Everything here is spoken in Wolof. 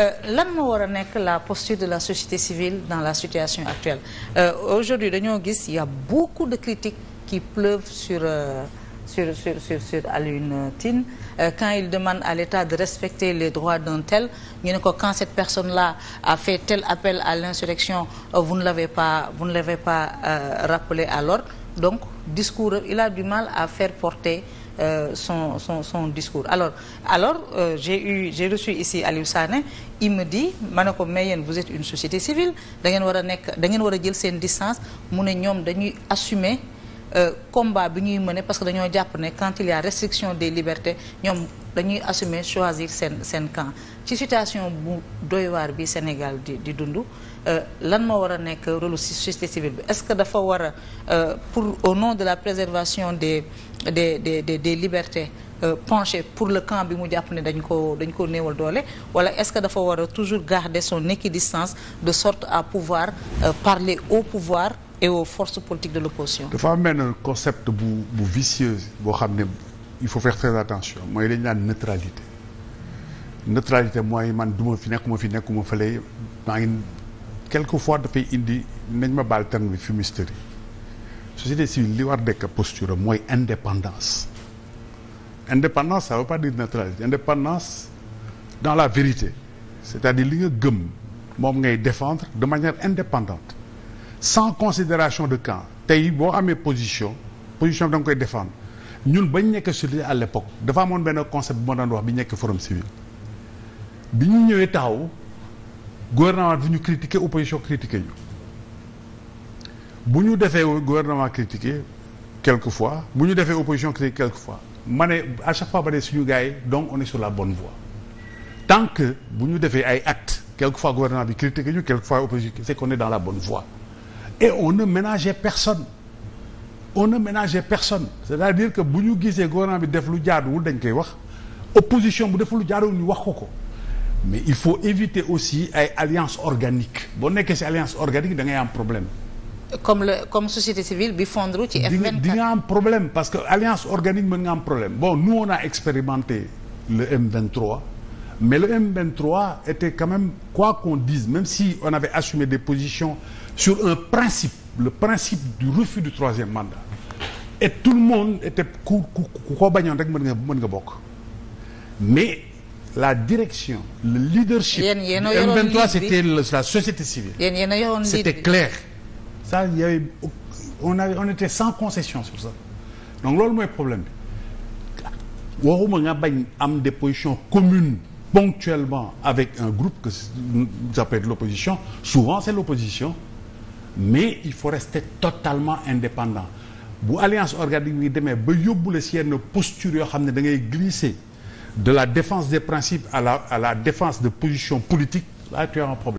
Euh, lan moo war a nekk la posture de la société civile dans la situation actuelle euh, aujourd'hui dañoo gis il y a beaucoup de critiques qui pleuvent sur euh, sur sur sur sur Alioune quand il demande à l'État de respecter les droits d'un tel ko quand cette personne-là a fait tel appel à l'insurrection euh, vous ne l'avez pas vous ne l'avez rappelé à l'ordre donc discours il a du mal à faire porter euh, son son son discours alors alors euh, j'ai eu j'ai reçu ici Aliou Sané il me dit ma ne ko mais yéen vous êtes une société civile da ngeen war a nekk da ngeen war a jël seen distance mu ne ñoom dañuy assumer Euh, combat bi ñuy mëne parce que dañoo jàpp ne quand il y restriction des libertés ñoom dañuy assumer choisir seen seen camp ci situation bu doy waar bi Sénégal di di dund euh, lan moo war a nekk relu société civile bi est-ce que dafa war a euh, pour au nom de la préservation des des des des, des libertés Euh, penché pour le camp bi mu jàpp ne dañ ko dañ ko néewal doole wala est-ce que dafa war a toujours garder son nekki équidistance de sorte à pouvoir euh, parler au pouvoir et aux forces politiques de l'opposition dafa am benn concept bu bu vicieux boo xam ne il faut faire très attention mooy dañ naan neutralité neutralité mooy man duma fi nekkuma fi nekkuma fële maa ngi quelque fois dafay indi nañ ma baal terme bi fumisterie société civile li war dekk posture mooy indépendance indépendance ça veut pas dire neutralité indépendance dans la vérité c'est-à-dire li nga gëm moom ngay défendre de manière indépendante sans considération de camp tey boo amee position position bi da nga koy défendre ñun bañ nekk sudi à l'époque dafa amoon benn concept bu ma daan wax bi nekk forom civil bi ñu ñëwee taxaw gouvernement bi ñu critiquer opposition critiquer ñu bu ñu defee gouvernement critiqué quelquefois bu ñu defee opposition critiqué quelquefois ma ne à chaque fois ba ne suñu gars yi donc on est sur la bonne voie tant que bu ñu defee ay actes quelquefois gouvernement bi critiqué ñu quelquefois opposition c'est qu'on est dans la bon voie et on ne ménager personne on ne ménageait personne c'est-à-dire que bu ñu gisee gouvernement bi def lu jaaduwul dañ koy wax opposition bu def lu jaaduwul ñu wax ko ko mais il faut éviter aussi ay alliance organique boo nekkee si alliance organique da ngay am problème comme le comme société civile bi fondre ci F24 di nga am problème parce que alliance organique mën nga am problème bon nous on a expérimenté le M23 mais le M23 était quand même, quoi qu'on dise, même si on avait assumé des positions sur un principe, le principe du refus du troisième mandat, et tout le monde était ku ku ku ko bañoon rek mën nga mën nga bokk mais la direction le leadership. yéen M23 c'était la société civile. yéen c'était clair. ça y avait on avait on était sans concession sur ça donc loolu mooy problème bi waxuma nga bañ am des positions communes. ponctuellement avec un groupe que vous appelez l'opposition, souvent c'est l'opposition, mais il faut rester totalement indépendant. bu alliance organique bi demee ba yóbbu la si yenn posture yoo xam ne da ngay glisser de la défense des principes à la à la défense de position politique là tu as problème